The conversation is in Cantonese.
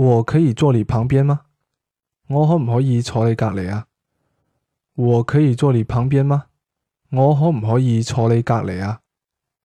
我可以坐你旁邊嗎？我可唔可以坐你隔籬啊？我可以坐你旁邊嗎？我可唔可以坐你隔籬啊？